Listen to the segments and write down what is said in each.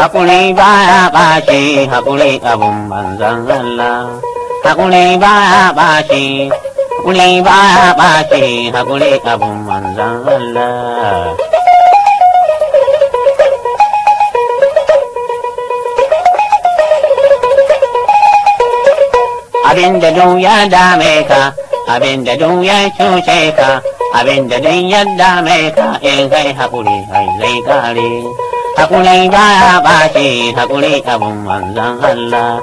hakuri ba shi hakuni abun manzan Allah hakuri baya ɓaci hakuri ba shi hakuni abun banzan Allah abin da duk ya dame ka abin da duk ya cuce ka abin da duk ya dame ka in kai hakuri kai zai kare hakuri ya ɓaci hakuri abun manzan Allah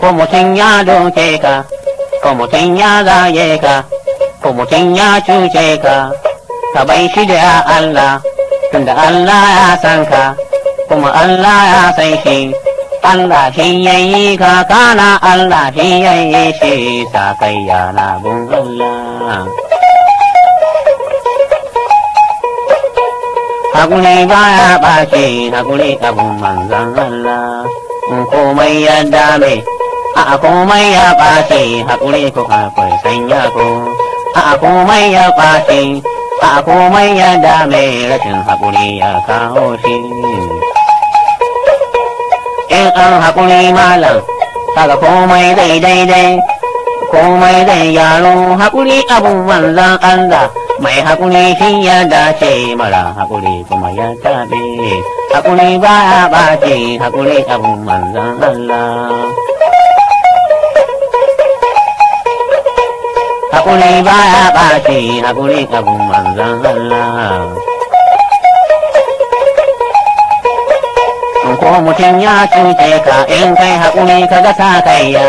ko mutum ya doke ka ko mutum ya zage ka ko mutum ya cuce ka ka bai shi da Allah tunda Allah ya san ka kuma Allah ya san shi Allah shi yayi ka kana Allah shi yayi shi sakayya na gun hakuri baya ɓace hakuri abu manzan Allah komai ya dame a komai ya ɓace hakuri ko akwai sanya ko a komai ya ɓace a komai ya dame rashin hakuri ya kawo shi in an hakuri malam kaga komai dai daidai komai dai yaro hakuri abu manzan Allah mai hakuri shi ya dace mara hakuri kuma ya taɓe hakuri ba ya ɓace hakuri abun manzan Allah hakuri ba ya ɓace hakuri abun ko mutum ya cuce ka in kai hakuri ka gasa kaiya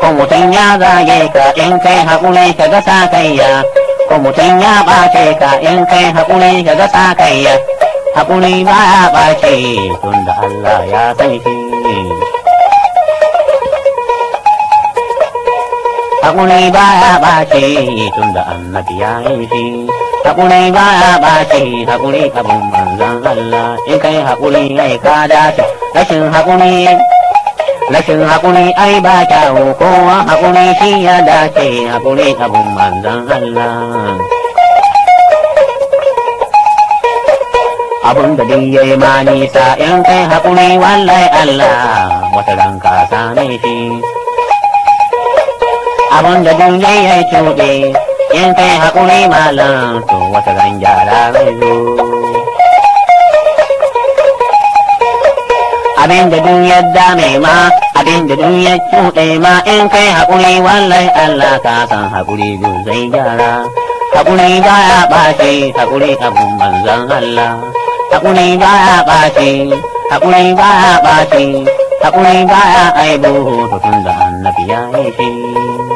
ko mutum ya zage ka in kai hakuri ka gasa kaiya ko mutum ya ɓace ka in kai haƙuri ga gasa kayya haƙuri ba ya ɓace tunda Allah ya san ki haƙuri ba ya ɓace tunda annabi ya yi shi haƙuri ba ya ɓace haƙuri abun manzan Allah in kai haƙuri yi ka dace rashin haƙuri Lashin hakuri ai ba kyawu kowa haƙuri shi ya dace hakuri abun manzan Allah. Abun da duk ya yi ma nisa in kai hakuri wallai Allah wata ran ka same shi. Abun da duk ya yi cuɗe in kai hakuri malam to wata ran gyara zai zo. abin da duk ya dame ma abin da duk ya cuɗe ma in kai haƙuri wallai Allah ka san haƙuri duk zai gyara haƙuri baya ɓace haƙuri abun manzan Allah haƙuri baya ɓace haƙuri baya ɓace haƙuri baya aibu tun da annabi ya yi shi